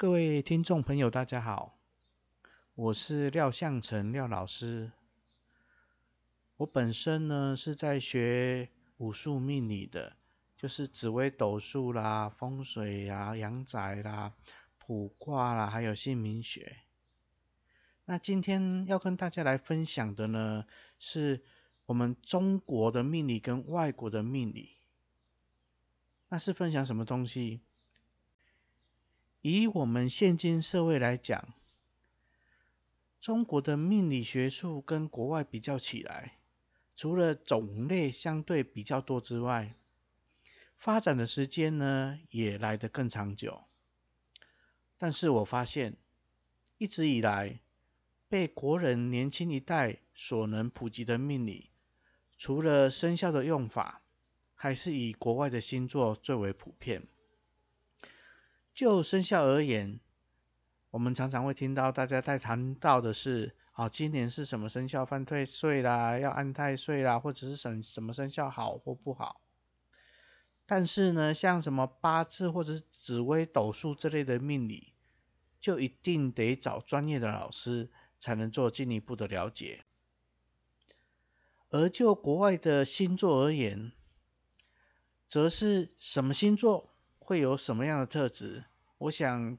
各位聽眾朋友，大家好，我是廖相程廖老師。我本身呢是在學武術命理的，就是紫微斗數啦、風水啊、陽宅啦、卜卦啦，還有姓名學。那今天要跟大家來分享的呢，是我們中國的命理跟外國的命理。那是分享什麼東西？以我們現今社會來講，中國的命理學術跟國外比較起來，除了種類相對比較多之外，發展的時間呢也來得更長久。但是我發現，一直以來被國人年輕一代所能普及的命理，除了生肖的用法，還是以國外的星座最為普遍。就生肖而言，我們常常會聽到大家在談到的是：啊、哦，今年是什麼生肖犯太歲啦，要安太歲啦，或者是什麼什麼生肖好或不好。但是呢，像什麼八字或者是紫微斗數這類的命理，就一定得找專業的老師才能做進一步的了解。而就國外的星座而言，則是什麼星座？會有什麼樣的特質？我想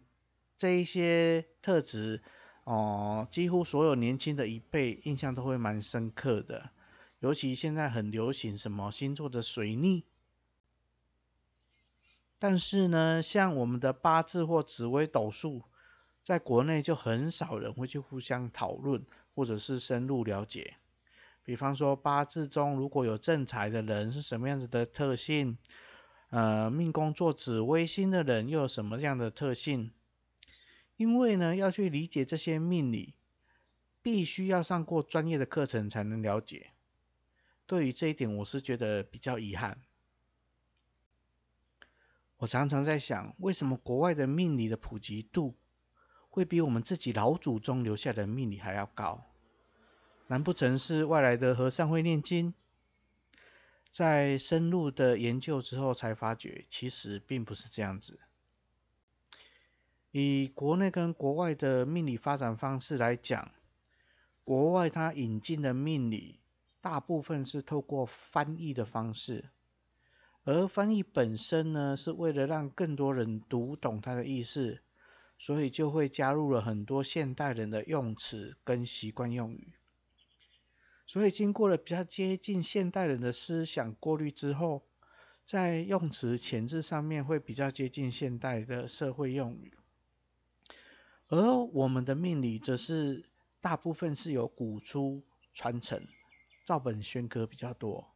這一些特質，哦，幾乎所有年輕的一輩印象都會蠻深刻的。尤其現在很流行什麼星座的水逆，但是呢，像我們的八字或紫微斗數，在國內就很少人會去互相討論，或者是深入了解。比方說，八字中如果有正財的人是什麼樣子的特性？呃，命宮坐紫微星的人又有什麼樣的特性？因為呢，要去理解這些命理，必須要上過專業的課程才能了解。對於這一點，我是覺得比較遺憾。我常常在想，為什麼國外的命理的普及度會比我們自己老祖宗留下的命理還要高？難不成是外來的和尚會念經？在深入的研究之後，才發覺其實並不是這樣子。以國內跟國外的命理發展方式來講，國外他引進的命理大部分是透過翻譯的方式，而翻譯本身呢，是為了讓更多人讀懂它的意思，所以就會加入了很多現代人的用詞跟習慣用語。所以經過了比較接近現代人的思想過濾之後，在用詞遣字上面會比較接近現代的社會用語，而我們的命理則是大部分是由古書傳承，照本宣科比較多，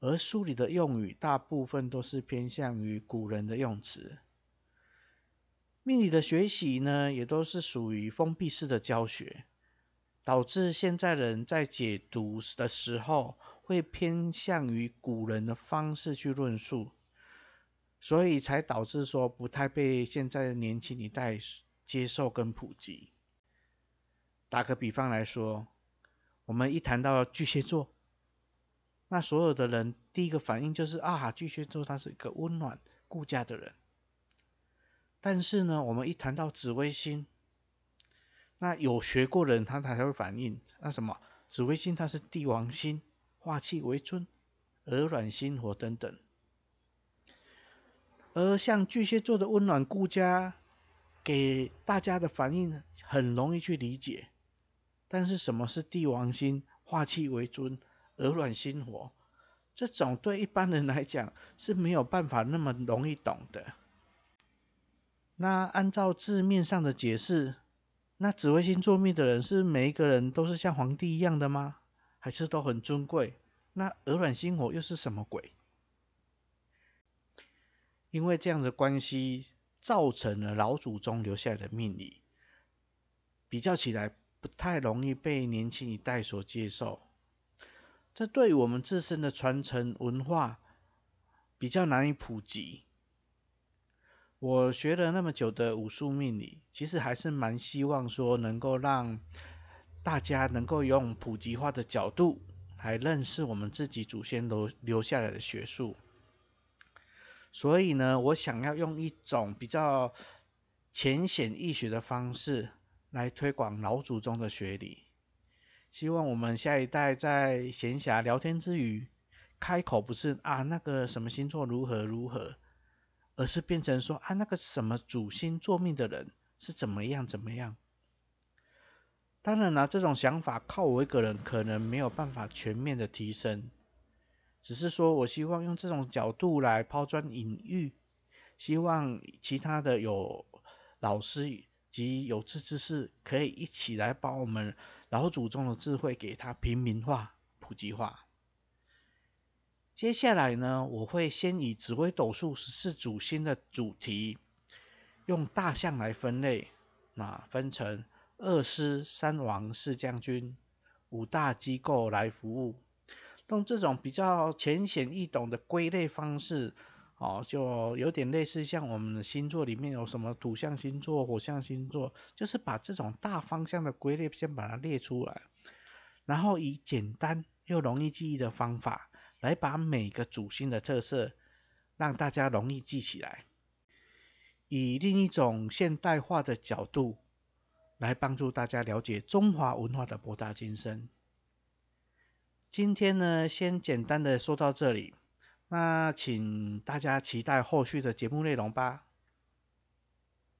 而書裡的用語大部分都是偏向於古人的用詞，命理的學習呢也都是屬於封閉式的教學。導致現在人在解讀的時候，會偏向於古人的方式去論述，所以才導致說不太被現在的年輕一代接受跟普及。打個比方來說，我們一談到巨蟹座，那所有的人第一個反應就是啊，巨蟹座他是一個溫暖顧家的人。但是呢，我們一談到紫微星，那有學過的人，他才會反應。那什麼，紫微星它是帝王星、化氣為尊、耳軟心火等等。而像巨蟹座的溫暖顧家，給大家的反應很容易去理解。但是什麼是帝王星、化氣為尊、耳軟心火？這種對一般人來講是沒有辦法那麼容易懂的。那按照字面上的解釋，那紫微星坐命的人是，是每一個人都是像皇帝一樣的嗎？還是都很尊貴？那鵝卵星火又是什麼鬼？因為這樣的關係造成了老祖宗留下來的命理，比較起來不太容易被年輕一代所接受。這對於我們自身的傳承文化比較難以普及。我學了那麼久的五術命理，其實還是蠻希望說，能夠讓大家能夠用普及化的角度來認識我們自己祖先留留下來的學術。所以呢，我想要用一種比較淺顯易學的方式來推廣老祖宗的學理，希望我們下一代在閒暇聊天之餘，開口不是啊，那個什麼星座如何如何。而是變成說啊，那個什麼主星坐命的人是怎麼樣怎麼樣。當然了、啊，這種想法靠我一個人可能沒有辦法全面的提升，只是說我希望用這種角度來拋磚引玉，希望其他的有老師及有志之士可以一起來把我們老祖宗的智慧給他平民化、普及化。接下來呢，我會先以紫微斗數十四主星的主題，用大象來分類，啊，分成二師、三王、四將軍、五大機構來服務，用這種比較淺顯易懂的歸類方式，哦，就有點類似像我們的星座裡面有什麼土象星座、火象星座，就是把這種大方向的歸類先把它列出來，然後以簡單又容易記憶的方法。來把每個主星的特色讓大家容易記起來，以另一種現代化的角度來幫助大家了解中華文化的博大精深。今天呢，先簡單的說到這裡，那請大家期待後續的節目內容吧。